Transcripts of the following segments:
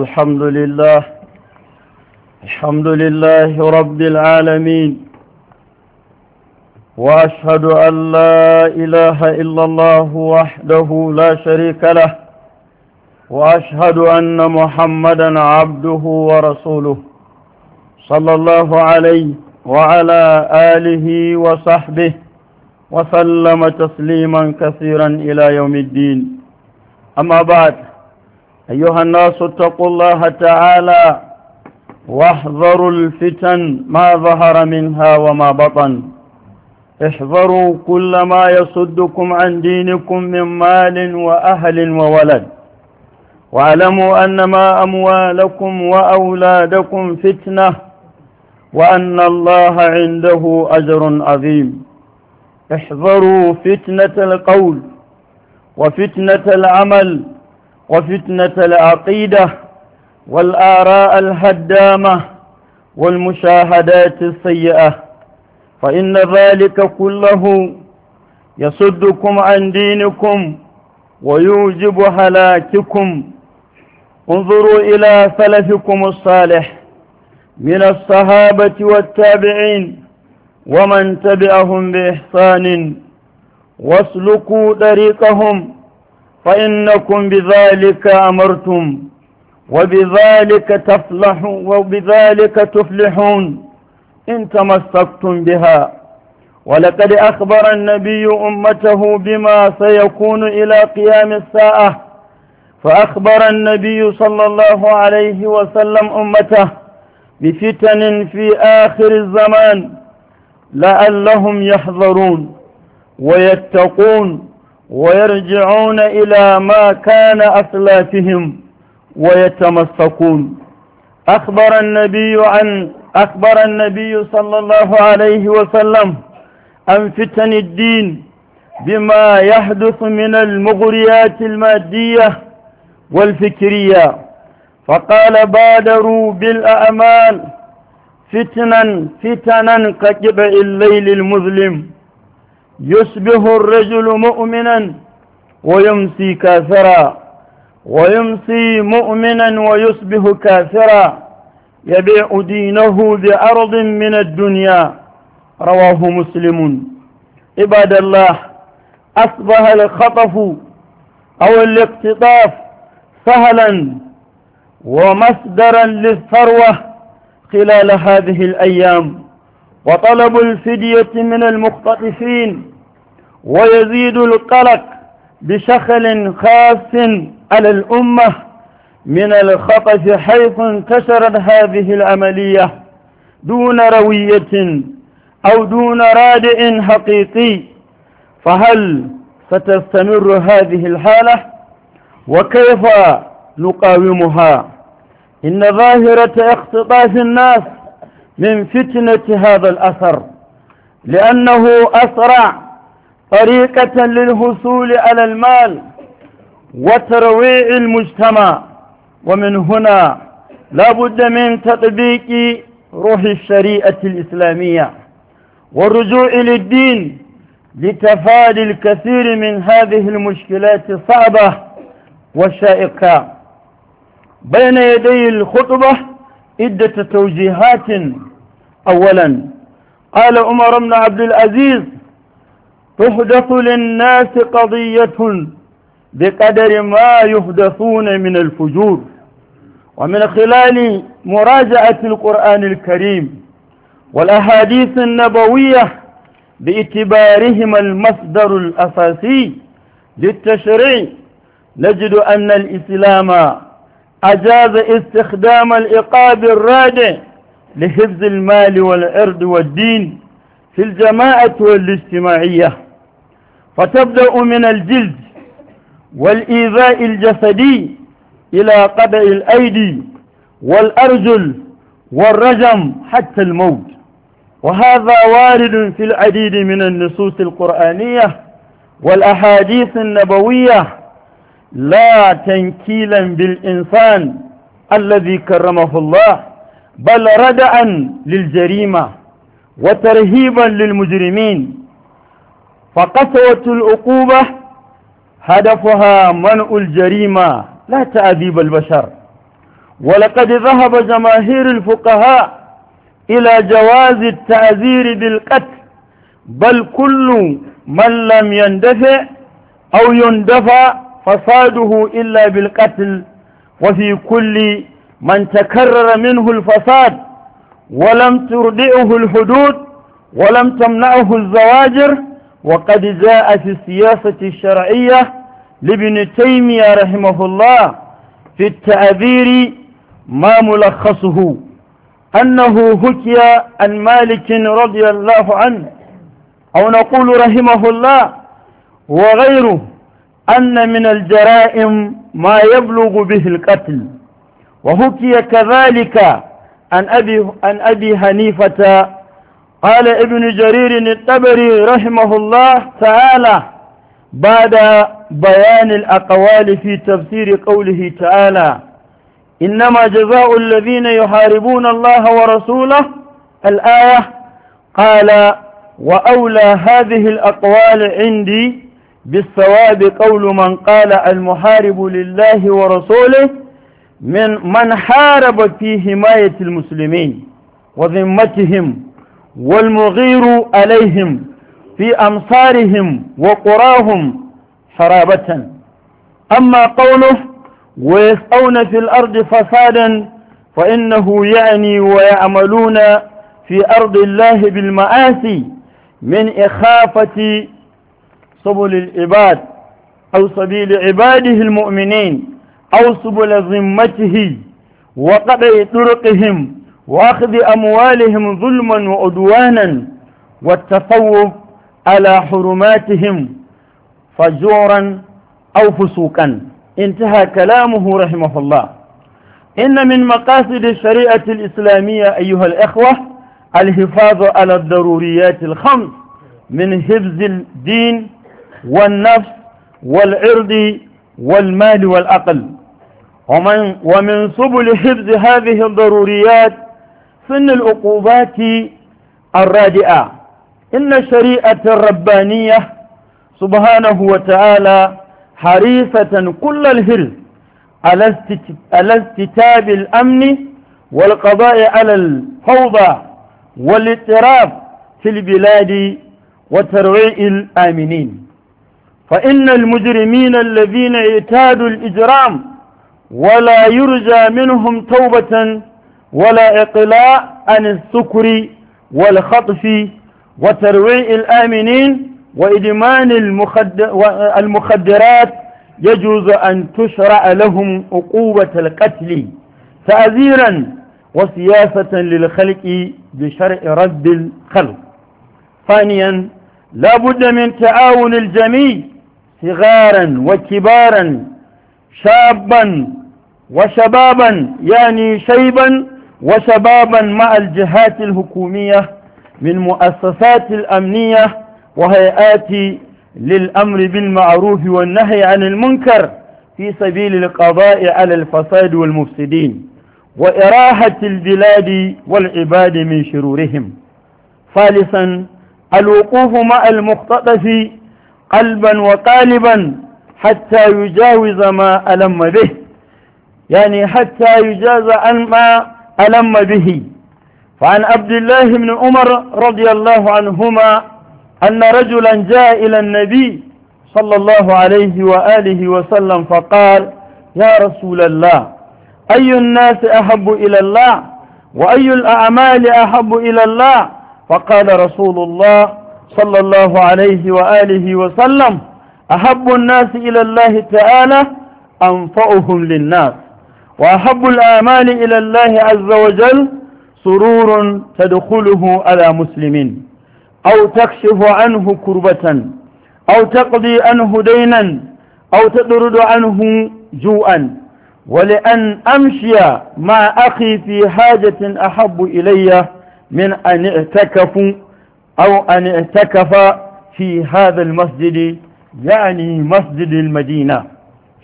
الحمد لله الحمد لله رب العالمين وأشهد أن لا إله إلا الله وحده لا شريك له وأشهد أن محمدا عبده ورسوله صلى الله عليه وعلى آله وصحبه وسلم تسليما كثيرا إلى يوم الدين أما بعد أيها الناس اتقوا الله تعالى واحذروا الفتن ما ظهر منها وما بطن احذروا كل ما يصدكم عن دينكم من مال وأهل وولد واعلموا أنما أموالكم وأولادكم فتنة وأن الله عنده أجر عظيم احذروا فتنة القول وفتنة العمل وفتنة العقيدة والآراء الهدامة والمشاهدات السيئة فإن ذلك كله يصدكم عن دينكم ويوجب هلاككم انظروا إلى سلفكم الصالح من الصحابة والتابعين ومن تبعهم بإحسان واسلكوا طريقهم فإنكم بذلك أمرتم وبذلك تفلحون وبذلك تفلحون إن تمسكتم بها ولقد أخبر النبي أمته بما سيكون إلى قيام الساعة فأخبر النبي صلى الله عليه وسلم أمته بفتن في آخر الزمان لعلهم يحذرون ويتقون ويرجعون إلى ما كان أسلافهم ويتمسكون أخبر النبي عن أخبر النبي صلى الله عليه وسلم عن فتن الدين بما يحدث من المغريات المادية والفكرية فقال بادروا بالأعمال فتنا فتنا كجبع الليل المظلم يصبح الرجل مؤمنا ويمسي كافرا ويمسي مؤمنا ويصبح كافرا يبيع دينه بأرض من الدنيا رواه مسلم عباد الله أصبح الخطف أو الاقتطاف سهلا ومصدرا للثروة خلال هذه الأيام وطلب الفدية من المختطفين ويزيد القلق بشخل خاف على الأمة من الخطف حيث انتشرت هذه العملية دون روية أو دون رادع حقيقي فهل ستستمر هذه الحالة وكيف نقاومها إن ظاهرة اختطاف الناس من فتنة هذا الأثر لأنه أسرع طريقة للحصول على المال وترويع المجتمع ومن هنا لا بد من تطبيق روح الشريعة الإسلامية والرجوع للدين لتفادي الكثير من هذه المشكلات الصعبة والشائقة بين يدي الخطبة عدة توجيهات أولا قال عمر بن عبد العزيز تحدث للناس قضية بقدر ما يحدثون من الفجور ومن خلال مراجعة القرآن الكريم والأحاديث النبوية باعتبارهما المصدر الأساسي للتشريع نجد أن الإسلام أجاز استخدام الإقاب الرادع لحفظ المال والعرض والدين في الجماعة والاجتماعية فتبدأ من الجلد والإيذاء الجسدي إلى قبع الأيدي والأرجل والرجم حتى الموت وهذا وارد في العديد من النصوص القرآنية والأحاديث النبوية لا تنكيلا بالإنسان الذي كرمه الله بل ردعا للجريمة وترهيبا للمجرمين فقسوة العقوبة هدفها منع الجريمة لا تأديب البشر ولقد ذهب جماهير الفقهاء إلى جواز التعذير بالقتل بل كل من لم يندفع أو يندفع فساده إلا بالقتل وفي كل من تكرر منه الفساد ولم تردئه الحدود ولم تمنعه الزواجر وقد جاء في السياسة الشرعية لابن تيمية رحمه الله في التعبير ما ملخصه أنه هكي عن مالك رضي الله عنه أو نقول رحمه الله وغيره أن من الجرائم ما يبلغ به القتل وحكي كذلك عن أبي, عن أبي حنيفة قال ابن جرير الطبري رحمه الله تعالى بعد بيان الأقوال في تفسير قوله تعالى إنما جزاء الذين يحاربون الله ورسوله الآية قال وأولى هذه الأقوال عندي بالثواب قول من قال المحارب لله ورسوله من من حارب في حماية المسلمين وذمتهم والمغير عليهم في أمصارهم وقراهم حرابة أما قوله ويسقون في الأرض فسادا فإنه يعني ويعملون في أرض الله بالمآسي من إخافة سبل العباد أو سبيل عباده المؤمنين أو سبل ذمته وقطع طرقهم وأخذ أموالهم ظلما وعدوانا والتفوق على حرماتهم فجورا أو فسوقا انتهى كلامه رحمه الله إن من مقاصد الشريعة الإسلامية أيها الإخوة الحفاظ على الضروريات الخمس من حفظ الدين والنفس والعرض والمال والعقل ومن, ومن سبل حفظ هذه الضروريات سن العقوبات الرادئة إن الشريعة الربانية سبحانه وتعالى حريصة كل الهل على استتاب الأمن والقضاء على الفوضى والاضطراب في البلاد وترويع الآمنين فإن المجرمين الذين اعتادوا الإجرام ولا يرجى منهم توبة ولا إقلاع عن السكر والخطف وترويع الآمنين وإدمان المخدرات يجوز أن تشرع لهم عقوبة القتل تعذيرا وسياسة للخلق بشرع رد الخلق ثانيا لا بد من تعاون الجميع صغارا وكبارا شابا وشبابا يعني شيبا وشبابا مع الجهات الحكومية من مؤسسات الأمنية وهيئات للأمر بالمعروف والنهي عن المنكر في سبيل القضاء على الفساد والمفسدين وإراحة البلاد والعباد من شرورهم ثالثا الوقوف مع المختطف قلبا وقالبا حتى يجاوز ما ألم به يعني حتى يجاز عن ما ألم به فعن عبد الله بن عمر رضي الله عنهما أن رجلا جاء إلى النبي صلى الله عليه وآله وسلم فقال يا رسول الله أي الناس أحب إلى الله وأي الأعمال أحب إلى الله فقال رسول الله صلى الله عليه وآله وسلم أحب الناس إلى الله تعالى أنفأهم للناس وأحب الآمال إلى الله عز وجل سرور تدخله على مسلم أو تكشف عنه كربة أو تقضي عنه دينا أو تدرد عنه جوءا ولأن أمشي مع أخي في حاجة أحب إلي من أن اعتكفوا أو أن اعتكف في هذا المسجد يعني مسجد المدينة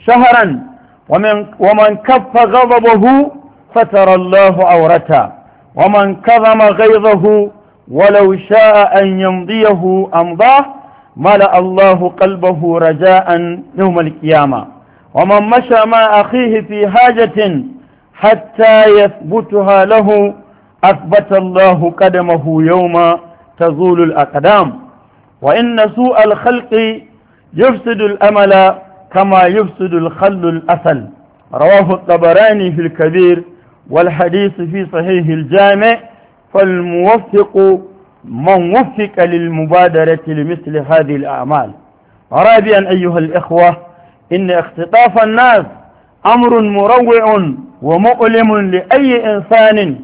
شهرا ومن, ومن كف غضبه فترى الله عورته ومن كظم غيظه ولو شاء أن يمضيه أمضاه ملأ الله قلبه رجاء يوم القيامة ومن مشى مع أخيه في حاجة حتى يثبتها له أثبت الله قدمه يوم تزول الأقدام وإن سوء الخلق يفسد الأمل كما يفسد الخل الأسل رواه الطبراني في الكبير والحديث في صحيح الجامع فالموفق من وفق للمبادرة لمثل هذه الأعمال رابعا أيها الإخوة إن اختطاف الناس أمر مروع ومؤلم لأي إنسان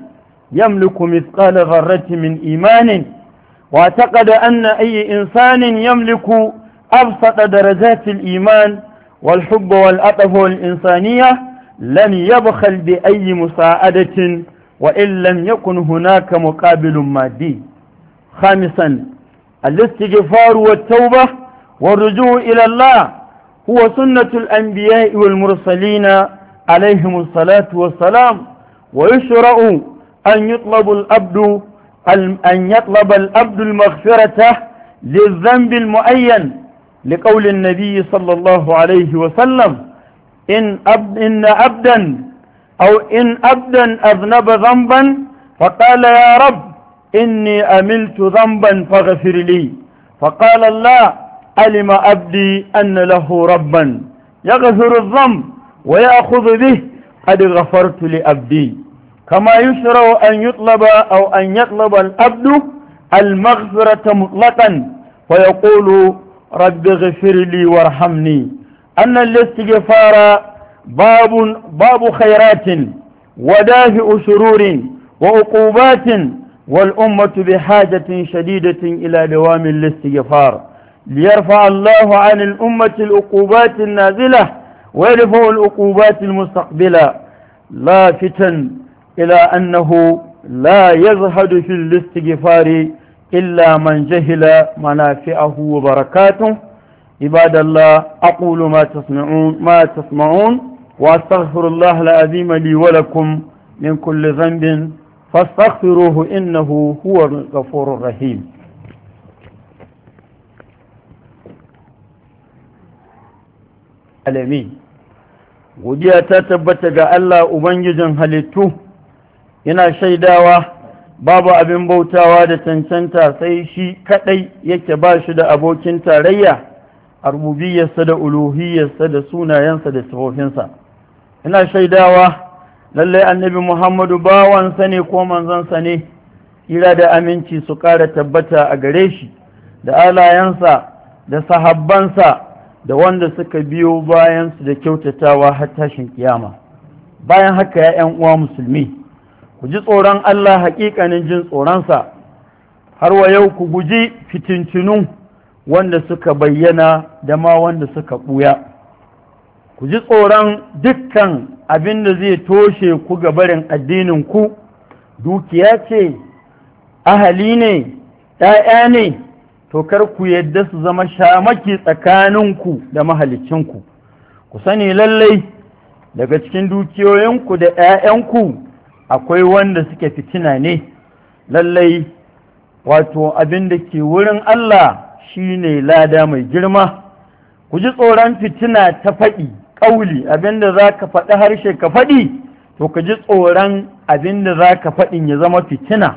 يملك مثقال غرة من إيمان واعتقد أن أي إنسان يملك أبسط درجات الإيمان والحب والأطف والإنسانية لم يبخل بأي مساعدة وإن لم يكن هناك مقابل مادي خامسا الاستغفار والتوبة والرجوع إلى الله هو سنة الأنبياء والمرسلين عليهم الصلاة والسلام ويشرع أن يطلب الأبد أن يطلب الأبد المغفرة للذنب المعين لقول النبي صلى الله عليه وسلم إن, أب إن أبدا أو إن أبدا أذنب ذنبا فقال يا رب إني أملت ذنبا فاغفر لي فقال الله علم أبدي أن له ربا يغفر الذنب ويأخذ به قد غفرت لأبدي كما يشرع أن يطلب أو أن يطلب الأبد المغفرة مطلقا ويقول رب اغفر لي وارحمني أن الاستغفار باب, باب خيرات ودافع شرور وعقوبات والأمة بحاجة شديدة إلى دوام الاستغفار ليرفع الله عن الأمة العقوبات النازلة ويرفع العقوبات المستقبلة لافتا إلى أنه لا يزهد في الاستغفار إلا من جهل منافعه وبركاته عباد الله أقول ما تسمعون ما تسمعون وأستغفر الله العظيم لي ولكم من كل ذنب فاستغفروه إنه هو الغفور الرحيم alamin godiya ta tabbata ga Allah ubangijin halittu yana shaidawa babu abin bautawa da cancanta sai shi kadai yake ba shi da abokin tarayya a rububiyarsa da uluhiyarsa da sunayensa da sifofinsa ina shaidawa lallai annabi muhammadu bawansa ne ko manzansa ne kira da aminci su kara tabbata a gare shi da alayensa da sahabbansa da wanda suka biyo bayansu da kyautatawa har tashin kiyama bayan haka ya 'yan uwa musulmi ku ji tsoron Allah haƙiƙanin jin tsoronsa har wa yau ku guji fitintinu wanda suka bayyana da ma wanda suka ɓuya ku ji tsoron dukkan abin da zai toshe ku ga barin addinin ku dukiya ce ahali ne ɗaya ne to kar ku yadda su zama shamaki tsakaninku da mahalicinku ku sani lallai daga cikin dukiyoyinku da ‘ya'yanku akwai wanda suke fitina ne lallai wato abin da ke wurin Allah shi ne lada mai girma ku ji tsoron fitina ta faɗi ƙauli abin da za ka faɗi harshe ka faɗi to ka ji tsoron abin da za ka faɗin ya zama fitina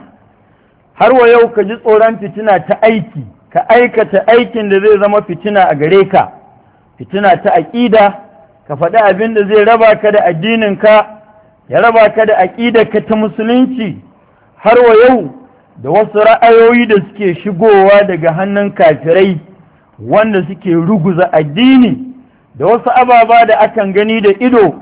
har wa yau ka ji tsoron fitina ta aiki ka aikata aikin da zai zama fitina a gare ka fitina ta aƙida ka faɗi abin da zai raba ka da addinin ka ya raba ka da ka ta musulunci har wa yau da wasu ra'ayoyi da suke shigowa daga hannun kafirai wanda suke ruguza addini da wasu ababa da akan gani da ido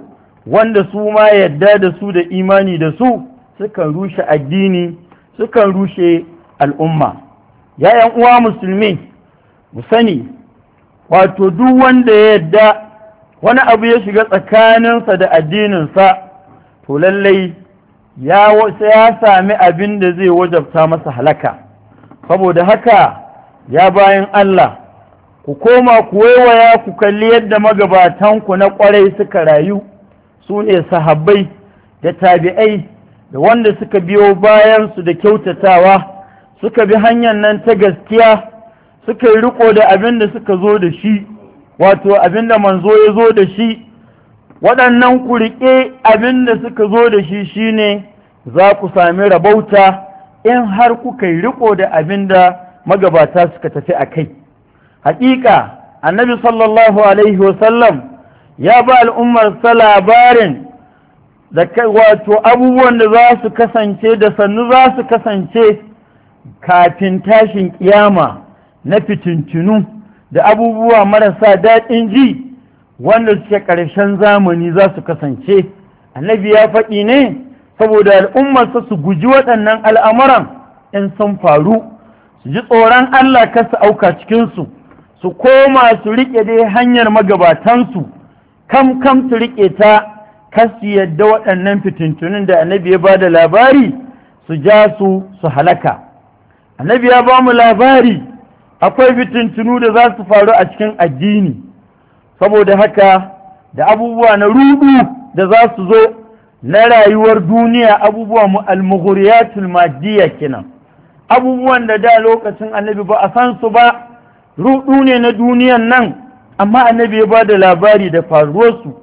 wanda su ma yadda da su da imani da su sukan rushe addini sukan rushe al'umma yayan uwa musulmi mu sani wato duk wanda ya yadda wani abu ya shiga tsakaninsa da addininsa to lallai ya ya sami abin da zai wajabta masa halaka saboda haka ya bayan Allah ku koma ku waiwaya ku kalli yadda magabatanku na kwarai suka rayu su ne sahabbai da tabi'ai da wanda suka biyo bayansu da kyautatawa suka bi hanyar nan ta gaskiya suka yi riko da abin da suka zo da shi wato abin da manzo ya zo da shi waɗannan ku riƙe abin da suka zo da shi shine za ku sami rabauta in har kuka yi riƙo da abin da magabata suka tafi a kai haƙiƙa annabi sallallahu alaihi wasallam ya ba al'ummar sa labarin da wato abubuwan da za su kasance da sannu za su kasance kafin tashin ƙiyama na fitintunu da abubuwa marasa daɗin ji wanda suke ƙarshen zamani za su kasance annabi ya faɗi ne saboda al'ummarsa su guji waɗannan al'amuran in sun faru su ji tsoron Allah ka su auka cikinsu su koma su riƙe dai hanyar magabatansu kam kam su riƙe ta kasu yadda waɗannan fitintunin da annabi ya ba da labari su ja su su halaka annabi ya ba mu labari akwai fitintunu da za su faru a cikin addini saboda haka da abubuwa na ruɗu da za su zo na rayuwar duniya abubuwa mu almughuriyatul madiyya kenan abubuwan da da lokacin annabi ba a san su ba rudu ne na duniyan nan amma annabi ya bada labari da faruwarsu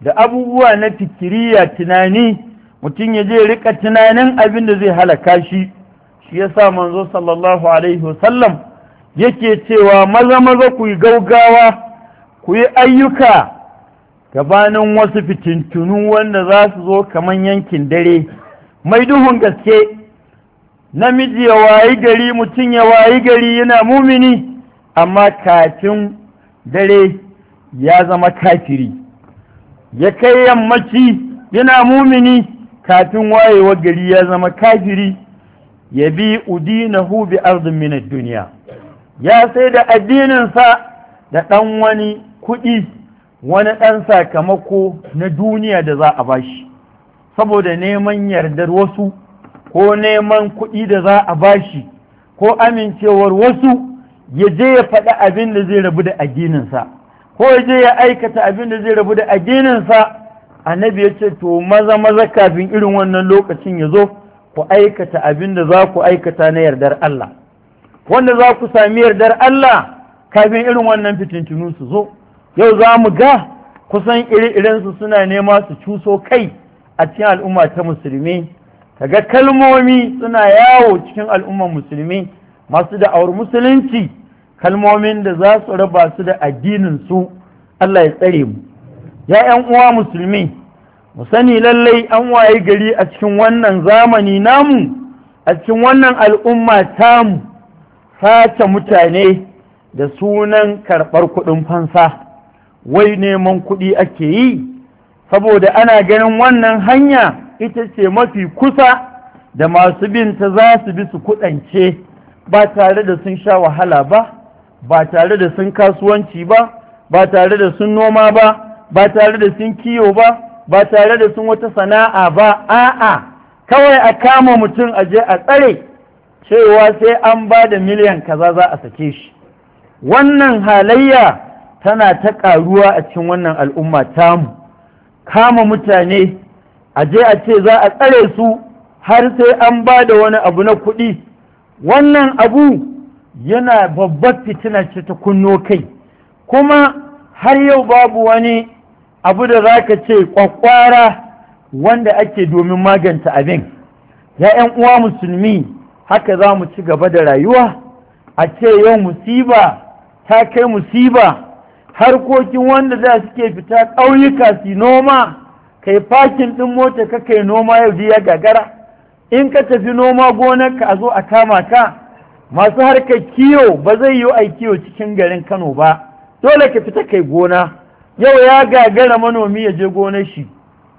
da abubuwa na fikiriya tunani mutum ya je rika tunanin abin da zai halaka shi shi yasa manzo sallallahu alaihi wasallam yake cewa maza maza ku yi gaugawa ku yi ayyuka gabanin wasu fitintunu wanda za su zo kaman yankin dare mai duhun gaske namiji ya wayi gari mutum ya wayi gari yana mumini amma kafin dare ya zama kafiri ya kai yammaci yana mumini kafin wayewa gari ya zama kafiri ya bi udinahu bi arzikin minad duniya ya sai da addininsa da ɗan wani kuɗi wani ɗan sakamako na duniya da za a bashi saboda neman yardar wasu ko neman kuɗi da za a bashi ko amincewar wasu ya je ya faɗi abin da zai rabu da agininsa ko ya je ya aikata abin da zai rabu da agininsa annabi ya ce to maza maza kafin irin wannan lokacin ya zo ku aikata abin da za ku aikata na yardar Allah wanda za ku sami yardar Allah kafin irin wannan fitintunu su zo yau za mu ga kusan iri-irinsu suna nema su cuso kai a cikin al'umma ta musulmi kaga kalmomi suna yawo cikin al'umman musulmi masu da'awar musulunci kalmomin da za su raba su da addininsu Allah ya tsare mu ya 'yan uwa musulmi mu sani lallai an waye gari a cikin wannan zamani namu a cikin wannan al'umma ta mu, sace mutane da sunan karɓar kuɗin fansa wai neman kuɗi ake yi saboda ana ganin wannan hanya ita ce mafi kusa da masu binta za su bi su kuɗance ba tare da sun sha wahala ba ba tare da sun kasuwanci ba ba tare da sun noma ba ba tare da sun kiyo ba ba tare da sun wata sana'a ba a'a kawai a kama mutum a je a tsare cewa sai an ba da miliyan kaza za a sake shi wannan halayya tana ta ƙaruwa a cikin wannan al'umma tamu kama mutane a je a ce za a tsare su har sai an ba da wani abu na kuɗi wannan abu yana babbar fitina ce ta kunno kai kuma har yau babu wani abu da za ka ce ƙwaƙwara wanda ake domin maganta abin ya uwa musulmi haka za mu ci gaba da rayuwa a ce yau musiba ta kai musiba harkokin wanda za su ke fita ƙauyuka su noma kai fakin ɗin mota ka kai noma yau ya gagara in ka tafi noma gonar ka a zo a kama ka masu harkar kiyo ba zai yi ai kiyo cikin garin kano ba dole ka fita kai gona yau ya gagara manomi ya je gonar shi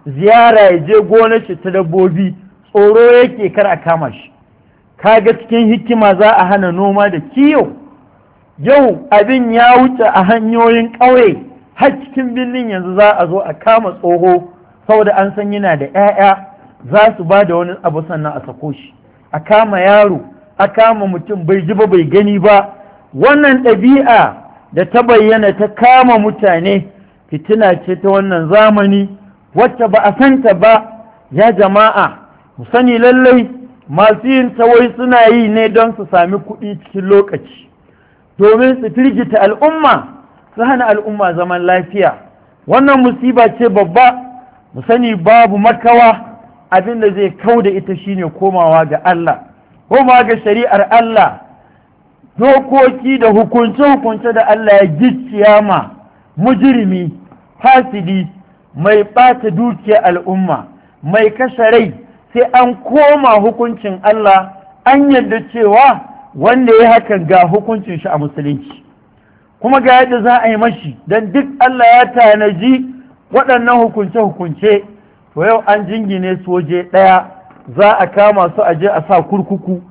ziyara ya je gonar shi ta dabbobi tsoro yake kar a kama shi Ka ga cikin hikima za a hana noma da kiyo yau abin ya wuce a hanyoyin ƙauye har cikin birnin yanzu za a zo a kama tsoho saboda an san yana da 'ya'ya za su ba da wani abu sannan a sako shi a kama yaro a kama mutum bai ji ba bai gani ba wannan ɗabi'a da ta bayyana ta kama mutane fitina ce ta wannan zamani wacce ba a santa ba ya jama'a mu sani lallai masu yin tawai suna yi ne don su sami kuɗi cikin lokaci domin su firgita al'umma su hana al'umma zaman lafiya wannan musiba ce babba mu sani babu makawa abin da zai kau da ita shine komawa ga Allah komawa ga shari'ar Allah dokoki da hukunce-hukunce da Allah ya gicciya ma mujrimi fasidi mai ɓata dukiyar al'umma mai kashe rai sai an koma hukuncin Allah an yadda cewa wanda ya hakan ga hukuncin shi a musulunci kuma ga yadda za a yi mashi don duk Allah ya tanaji waɗannan hukunce-hukunce to yau an jingine su waje ɗaya za a kama su a je a sa kurkuku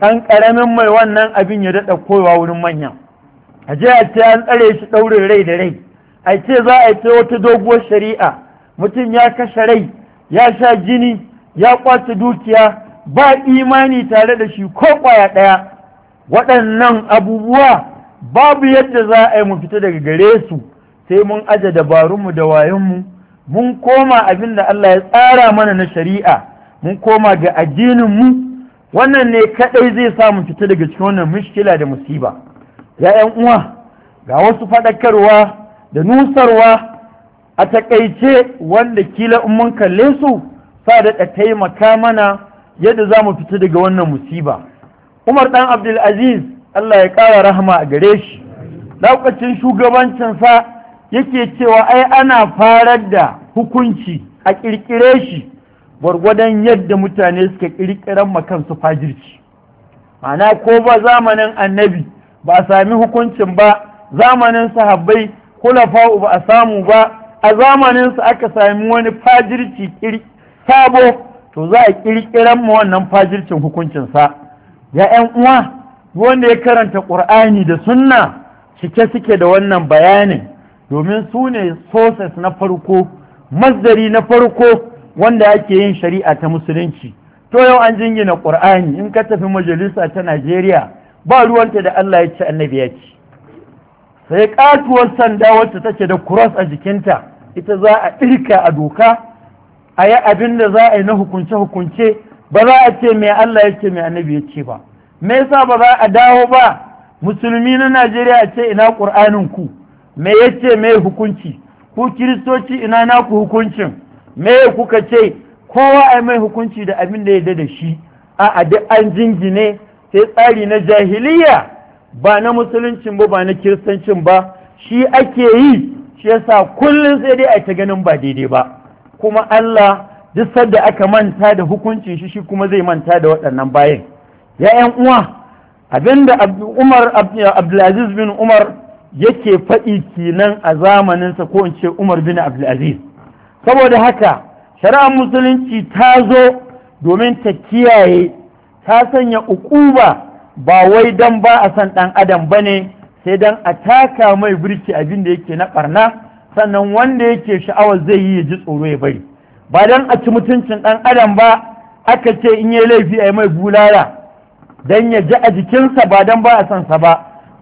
ɗan ƙaramin mai wannan abin ya daɗa koyawa wurin manya a je a ce an tsare shi ɗaure rai da rai a ce za a ce wata doguwar shari'a mutum ya kashe rai ya sha jini ya kwace dukiya ba imani tare da shi ko ƙwaya ɗaya waɗannan abubuwa babu yadda za a yi mu fita daga gare su sai mun aje dabarunmu da wayonmu mun koma abin da Allah ya tsara mana na shari'a mun koma ga addininmu wannan ne kaɗai zai sa mu fita daga cikin wannan mushkila da musiba ya 'yan uwa ga wasu faɗakarwa da nusarwa a taƙaice wanda kila in mun kalle su sa da taimaka mana yadda za mu fita daga wannan musiba Umar ɗan Abdulaziz Allah ya ƙara rahama a gare shi lokacin shugabancinsa yake cewa ai ana farar da hukunci a ƙirƙire shi gwargwadon yadda mutane suka ƙirƙiran makansu fajirci ma'ana ko ba zamanin annabi ba a sami hukuncin ba zamanin sahabbai kulafa'u ba a samu ba a zamaninsa aka sami wani fajirci sabo to za a ƙirƙiran ma wannan fajircin hukuncinsa ya ‘yan uwa wanda ya karanta ƙur'ani da sunna cike suke da wannan bayanin domin su ne sources na farko masdari na farko wanda ake yin shari'a ta musulunci to yau an jingina ƙur'ani in ka tafi majalisa ta najeriya ba ruwanta da allah ya ci annabi ya ce sai katuwar sanda wacce take da cross a jikinta ita za a ɗirka a doka a yi abin da za a yi na hukunce-hukunce ba za a ce mai Allah ya ce mai annabi ya ce ba me yasa ba za a dawo ba musulmi na Najeriya a ce ina ƙur'anin ku me ce mai hukunci ku kiristoci ina naku hukuncin me kuka ce kowa ai mai hukunci da abin da ya da shi a duk an jingine sai tsari na jahiliya ba na musuluncin ba ba na kiristancin ba shi ake yi shi yasa kullum sai dai a ta ganin ba daidai ba kuma Allah duk sadda aka manta da hukuncin shi shi kuma zai manta da waɗannan bayan Ya'yan uwa abinda Umar Abdulaziz bin Umar yake faɗi kinan a zamaninsa ko in ce Umar bin Abdulaziz saboda haka shari'ar musulunci ta zo domin ta kiyaye ta sanya ukuba ba wai dan ba a san ɗan adam bane sai dan a taka mai birki abin da yake na ɓarna sannan wanda yake sha'awar zai yi ya ji tsoro ya bari ba dan a ci mutuncin ɗan adam ba aka ce in yi laifi a yi mai bulala dan ya ji a jikinsa ba dan ba a sansa ba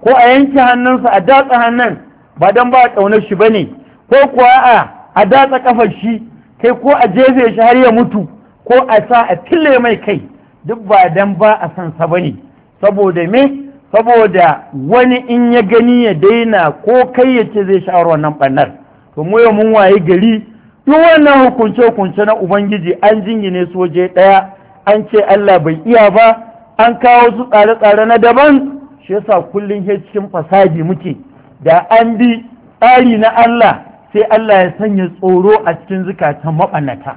ko a yanke hannunsa a datsa hannun ba dan ba a ƙaunar shi ba ne. ko kuwa a a datsa ƙafar shi kai ko a jefe shi har ya mutu ko a sa a tille mai kai duk ba dan ba a sansa ba ne. saboda me saboda wani in ya gani ya daina ko kai ya ce zai sha'awar wannan ɓannar to mu mun waye gari duk wannan hukunce-hukunce na ubangiji an jingine su waje ɗaya an ce Allah bai iya ba an kawo su tsare-tsare na daban shi yasa kullum ya cikin fasadi muke da an bi tsari na Allah sai Allah ya sanya tsoro a cikin zukatan maɓannata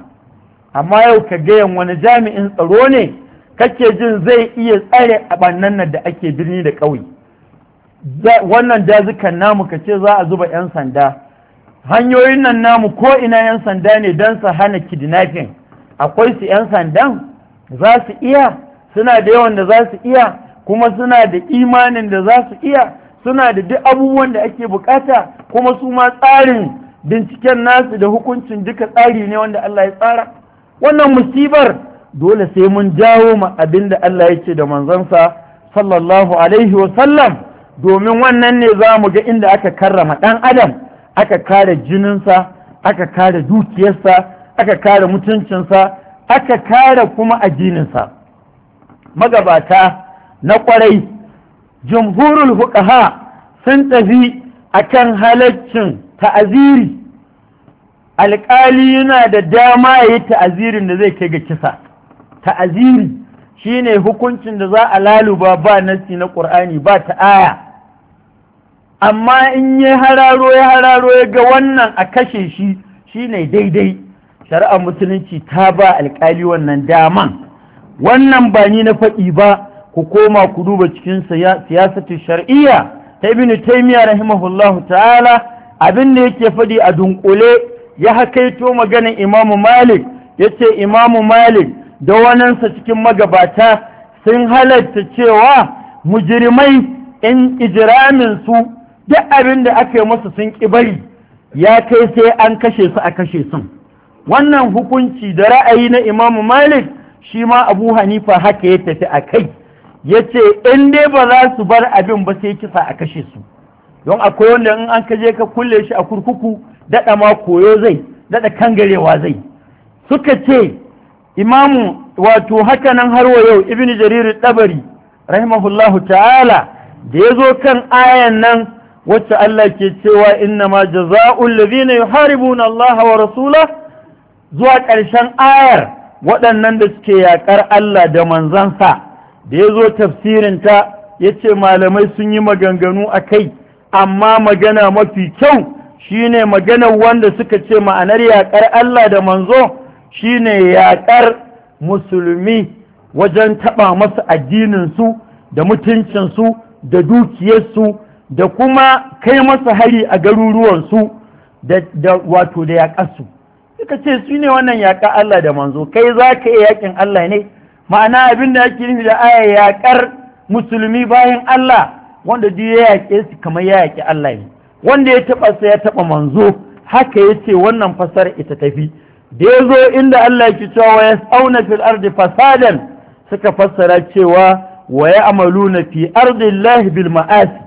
amma yau ka gayan wani jami'in tsaro ne kake jin zai iya tsare a nan da ake birni da ƙauye wannan dazukan namu ka ce za a zuba 'yan sanda hanyoyin nan namu ko ina yan sanda ne don su hana kidnapping akwai su yan sandan za su iya suna da yawan da za su iya kuma suna da imanin da za su iya suna da duk abubuwan da ake bukata kuma su ma tsarin binciken nasu da hukuncin duka tsari ne wanda Allah ya tsara wannan musibar dole sai mun jawo ma abin da Allah ya ce da manzansa sallallahu alaihi sallam domin wannan ne za mu ga inda aka karrama ɗan adam aka kare jininsa aka kare dukiyarsa aka kare mutuncinsa aka kare kuma addininsa magabata na ƙwarai jumhurul fuqaha sun tafi akan halaccin ta'aziri alƙali yana da dama ya yi ta'azirin da zai kai ga kisa ta'aziri shine hukuncin da za a laluba ba nasi na ƙur'ani ba ta aya amma in ya hararo ya hararo ya ga wannan a kashe shi shine daidai shari'ar musulunci ta ba alkali wannan daman wannan ba ni na faɗi ba ku koma ku duba cikin siyasatin shar'iyya ta ibn taymiya rahimahullahu ta'ala abin da yake faɗi a dunkule ya hakaito maganin imamu malik yace imamu malik da wanansa cikin magabata sun halatta cewa mujirimai in ijiramin su duk abin da aka yi masu sun ƙi bari ya kai sai an kashe su a kashe sun wannan hukunci da ra'ayi na imamu malik shi ma abu hanifa haka ya tafi a kai ya ce in dai ba za su bar abin ba sai kisa a kashe su don akwai wanda in an kaje ka kulle shi a kurkuku daɗa ma koyo zai daɗa kangarewa zai suka ce imamu wato haka nan har wa yau ibn jarir tabari rahimahullahu ta'ala da ya zo kan ayan nan wacce Allah ke cewa inna ma jaza'ul ladhina yuharibuna Allah wa rasulah zuwa ƙarshen ayar waɗannan da suke yaƙar Allah da manzansa da ya zo tafsirinta ya ce malamai sun yi maganganu a kai amma magana mafi kyau shine maganar wanda suka ce ma'anar yaƙar Allah da manzo shine yaƙar musulmi wajen taɓa masu addininsu da mutuncinsu da dukiyarsu da kuma kai masa hari a garuruwansu da wato da yaƙarsu suka ce su ne wannan yaƙa Allah da manzo kai za ka iya yaƙin Allah ne ma'ana abin da yake nufi da aya yaƙar musulmi bayan Allah wanda duk ya yaƙe su kamar ya yaƙi Allah ne wanda ya taɓa sa ya taɓa manzo haka ya ce wannan fasar ita tafi da ya zo inda Allah ya cewa wa ya tsauna fil ardi fasadan suka fassara cewa wa ya amalu na fi ardillahi bil ma'asi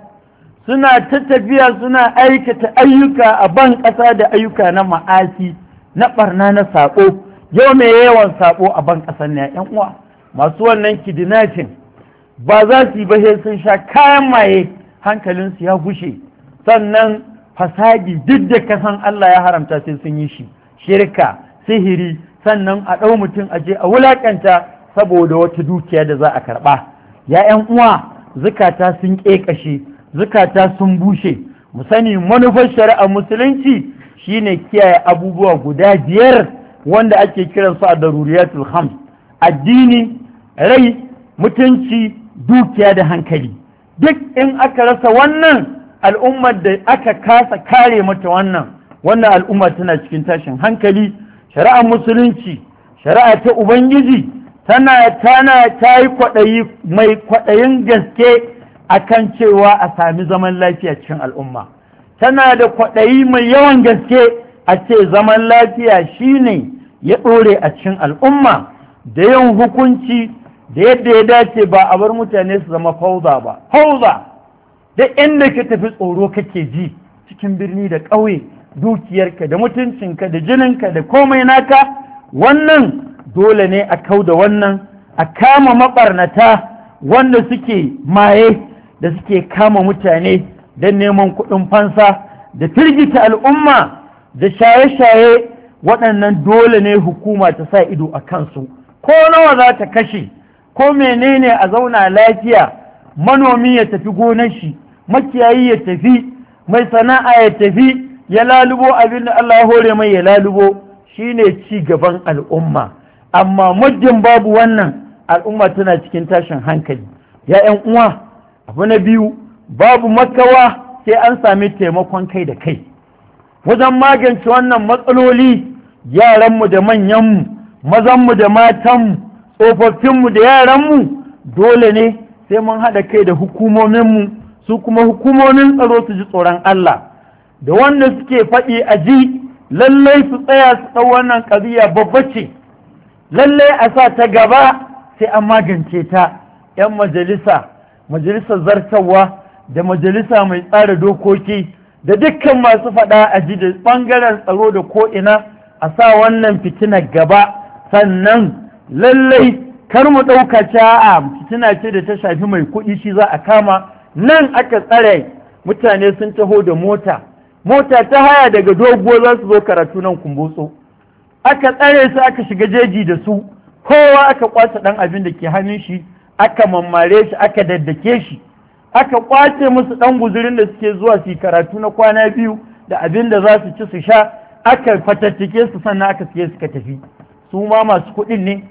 suna ta tafiya suna aikata ayyuka a ban ƙasa da ayyuka na ma'asi na ɓarna na saƙo yau mai yawan saƙo a ban ƙasar na yan uwa masu wannan kidinacin ba za su yi ba sai sun sha kayan maye hankalinsu ya gushe sannan fasadi duk da kasan Allah ya haramta sai sun yi shi shirka sihiri sannan a ɗau mutum a je a wulaƙanta saboda wata dukiya da za a karɓa ya uwa zukata sun ƙeƙashe zukata sun bushe mu sani manufar shari'ar musulunci shine kiyaye abubuwa guda biyar wanda ake kiran su a daruriyatul ham addini rai mutunci dukiya da hankali duk in aka rasa wannan al'ummar da aka kasa kare mata wannan wannan al'umma tana cikin tashin hankali shari'ar musulunci shari'a ta ubangiji tana tana ta yi kwaɗayi mai kwaɗayin gaske akan cewa a sami zaman lafiya cikin al'umma tana da kwaɗayi mai yawan gaske a ce zaman lafiya shine ya ɗore a cikin al'umma da yin hukunci da yadda ya dace ba a bar mutane su zama fauza ba fauza da inda ka tafi tsoro kake ji cikin birni da ƙauye dukiyarka da mutuncinka da jininka da komai naka wannan dole ne a kau da wannan a kama maɓarnata wanda suke maye da suke kama mutane don neman kuɗin fansa da firgita al'umma da shaye-shaye waɗannan dole ne hukuma ta sa ido a kansu ko nawa za ta kashe ko menene a zauna lafiya manomi ya tafi gonar shi makiyayi ya tafi mai sana'a ya tafi ya lalubo abin da Allah ya hore mai ya lalubo shine ci gaban al'umma amma muddin babu wannan al'umma tana cikin tashin hankali ya 'yan uwa abu na biyu babu makawa sai an sami taimakon kai da kai wajen magance wannan matsaloli yaranmu da manyanmu mazanmu da matanmu tsofaffinmu da yaranmu dole ne sai mun haɗa kai da hukumominmu su kuma hukumomin tsaro su ji tsoron Allah da wanda suke faɗi a ji lallai su tsaya su ɗau wannan ƙabiya babba ce lallai a sa ta gaba sai an magance ta 'yan majalisa majalisar zartarwa da majalisa mai tsara dokoki da dukkan masu faɗa a ji da ɓangaren tsaro da ko'ina a sa wannan fitina gaba sannan lallai kar mu ɗauka a fitina ce da ta shafi mai kuɗi shi za a kama nan aka tsare mutane sun taho da mota mota ta haya daga doguwa za su zo karatu nan kumbotso aka tsare su aka shiga jeji da su kowa aka kwace ɗan abin da ke hannun shi aka mammare shi aka daddake shi aka kwace musu ɗan guzurin da suke zuwa su karatu na kwana biyu da abin da za su ci su sha aka fatattake su sannan aka siye ka tafi su ma masu kuɗin ne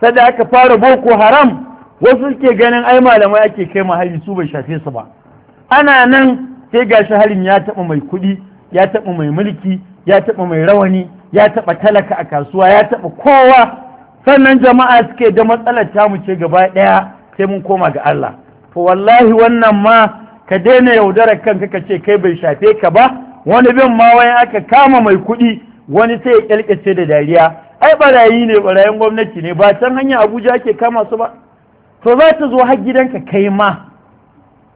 sada aka fara boko haram wasu suke ganin ai malamai ake kai ma hali su bai shafe su ba ana nan sai gashi halin ya taɓa mai kuɗi ya taɓa mai mulki ya taɓa mai rawani ya taɓa talaka a kasuwa ya taɓa kowa sannan jama'a suke da matsalar ta ce gaba ɗaya sai mun koma ga Allah to wallahi wannan ma ka daina yaudarar kanka ka ce kai bai shafe ka ba wani bin ma wani aka kama mai kuɗi wani sai ya kyalkace da dariya ai barayi ne barayin gwamnati ne ba can hanya abuja ake kama su ba to za ta zo har gidanka kai ma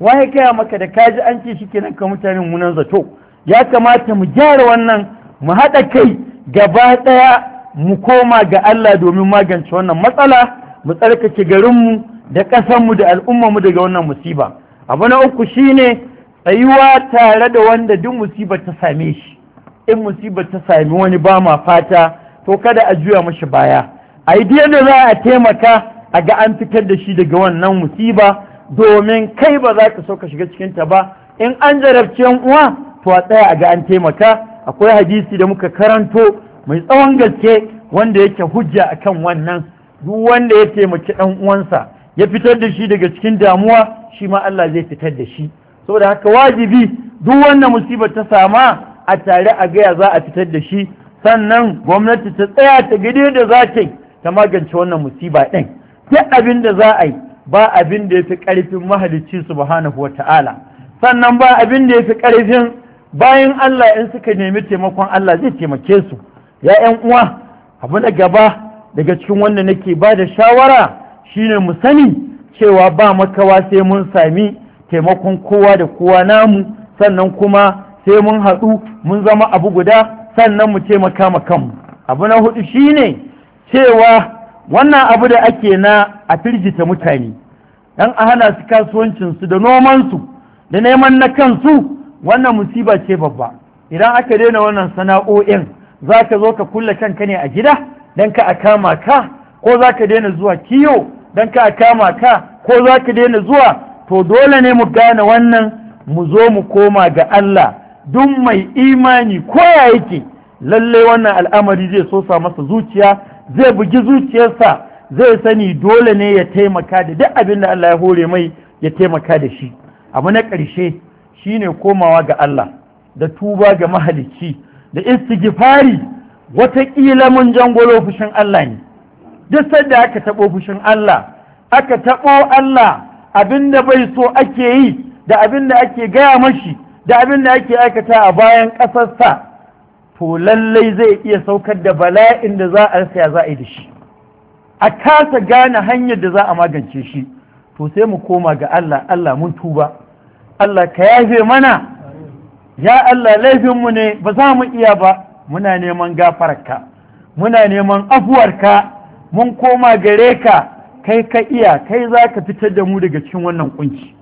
waye kaya maka da kaji an ce shi kenan ka mutanen munan zato ya kamata mu gyara wannan mu haɗa kai gaba ɗaya mu koma ga Allah domin magance wannan matsala mu tsarkake garinmu da ƙasanmu da al'ummarmu daga wannan musiba abu na uku ne tsayuwa tare da wanda duk musibar ta same shi in musibar ta sami wani ba ma fata to kada a juya mashi baya a yi da za a taimaka a ga an fitar da shi daga wannan musiba domin kai ba za ka so ka shiga cikinta ba in an jarabci uwa to a tsaya a ga an taimaka akwai hadisi da muka karanto mai tsawon gaske wanda yake hujja a kan wannan duk wanda ya taimaki ɗan uwansa ya fitar da shi daga cikin damuwa shi ma Allah zai fitar da shi saboda haka wajibi duk wannan musibar ta sama a tare a gaya za a fitar da shi sannan gwamnati ta tsaya ta gidi da za ta ta magance wannan musiba ɗin duk abin da za a yi ba abin da ya fi ƙarfin mahalicci subhanahu wa ta'ala sannan ba abin da ya fi ƙarfin bayan Allah in suka nemi taimakon Allah zai taimake su ya ‘yan uwa abu na gaba daga cikin wanda nake ba da shawara shine mu sani cewa ba makawa sai mun sami taimakon kowa da kowa namu sannan kuma sai mun haɗu mun zama abu guda sannan mu taimaka ma kanmu abu na hudu shine cewa wannan abu da ake na a firgita mutane don a hana su kasuwancinsu da nomansu da neman na kansu wannan musiba ce babba idan aka daina wannan sana'o'in za ka zo ka kulle kanka ne a gida don ka a kama ka ko za ka daina zuwa kiyo don ka a kama ka ko za ka daina zuwa to dole ne mu gane wannan mu zo mu koma ga Allah duk mai imani ko ya yake lalle wannan al'amari zai sosa masa zuciya zai bugi zuciyarsa zai sani dole ne ya taimaka da duk abin da Allah ya hore mai ya taimaka da shi abu na ƙarshe shine komawa ga Allah da tuba ga mahalicci da istighfari wataƙila mun jangolo fushin Allah ne duk sanda aka taɓo fushin Allah aka taɓo Allah abinda bai so ake yi da abinda ake gaya mashi da abinda ake aikata a bayan ƙasarsa to lallai zai iya saukar da bala'in da za a rasa za a yi da shi a kasa gane hanyar da za a magance shi to sai mu koma ga Allah Allah mun tuba Allah ka yafe mana ya Allah laifinmu ne ba za mu iya ba muna neman gafararka muna neman afuwarka mun koma gare ka kai ka iya kai za ka fitar da mu daga cikin wannan kunci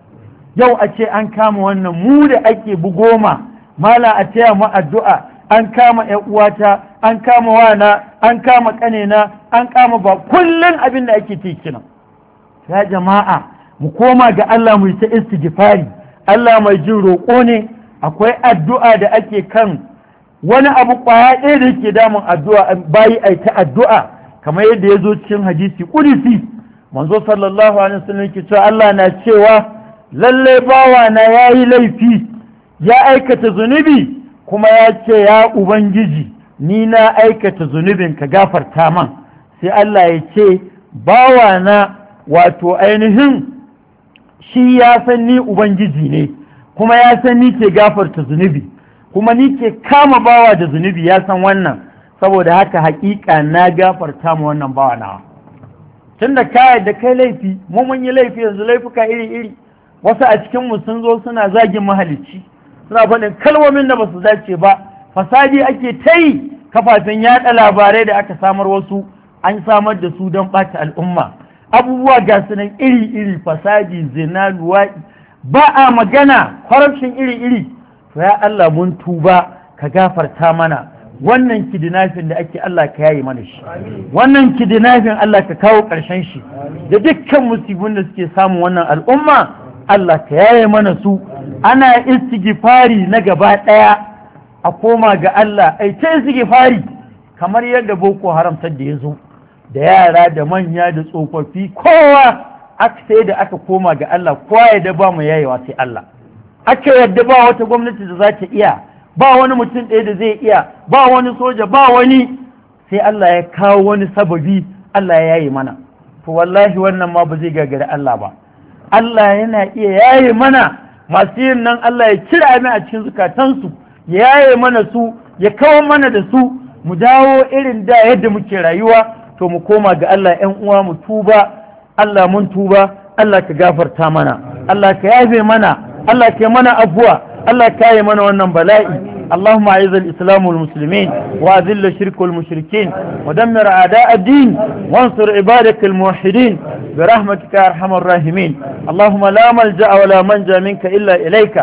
yau a ce an kama wannan mu da ake bugoma mala a taya mu addu'a an kama ‘yan uwata an kama wana an kama kanena an kama ba kullum abin da ake tikin ya jama'a mu koma ga Allah mu ta istighfari Allah mai jin roƙo ne akwai addu'a da ake kan wani abu ɓaya ɗaya da yake damun addu'a bayi a ta addu'a kamar yadda ya zo cikin hadisi ƙudisi manzo sallallahu alaihi wasallam ke cewa Allah na cewa lallai bawa na ya yi laifi ya aikata zunubi kuma ya ce ya ubangiji ni na aikata zunubin ka gafarta man sai Allah ya ce bawa na wato ainihin shi ya san ni ubangiji ne kuma ya san ni ke gafarta zunubi kuma ni ke kama bawa da zunubi ya san wannan saboda haka haƙiƙa na gafarta ma wannan bawa nawa tun da ka da kai laifi mu mun yi laifi yanzu laifuka iri iri wasu a cikin mu sun zo suna zagin mahalicci suna faɗin kalmomin da basu dace ba fasadi ake ta yi kafafen yaɗa labarai da aka samar wasu an samar da su don ɓata al'umma abubuwa ga su iri iri fasadi zina luwaɗi ba a magana corruption iri-iri to ya Allah mun tuba ka gafarta mana wannan kidinafin da ake Allah ka yayi mana shi wannan kidinafin Allah ka kawo ƙarshen shi da dukkan musibin da suke samun wannan al'umma Allah ka yaye mana su ana istighfari na gaba ɗaya a koma ga Allah ai ta istighfari kamar yadda boko haram ta da ya zo da yara da manya da tsofaffi kowa aka sai da aka koma ga Allah kowa da ba mu yayewa sai Allah aka yadda ba wata gwamnati da za ta iya ba wani mutum ɗaya da zai iya ba wani soja ba wani sai Allah ya kawo wani sababi Allah ya yaye mana to wallahi wannan ma ba zai gagari Allah ba Allah yana iya yaye mana masu yin nan Allah ya kira mu a cikin zukatansu ya yaye mana su ya kawo mana da su mu dawo irin da yadda muke rayuwa to mu koma ga Allah 'yan uwa mu tuba Allah mun tuba Allah ka gafarta mana Allah ka yafe mana Allah ka mana afuwa Allah ka yi mana wannan bala'i اللهم أعز الإسلام والمسلمين وأذل الشرك والمشركين ودمر أعداء الدين وانصر عبادك الموحدين برحمتك يا أرحم الراحمين اللهم لا ملجأ ولا منجا منك إلا إليك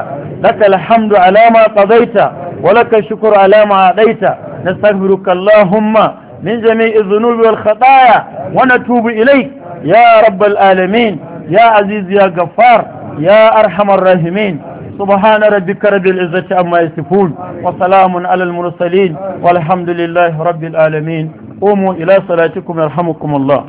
لك الحمد على ما قضيت ولك الشكر على ما أعطيت نستغفرك اللهم من جميع الذنوب والخطايا ونتوب إليك يا رب العالمين يا عزيز يا غفار يا أرحم الراحمين سبحان ربك رب العزة عما يصفون وسلام على المرسلين والحمد لله رب العالمين قوموا إلى صلاتكم يرحمكم الله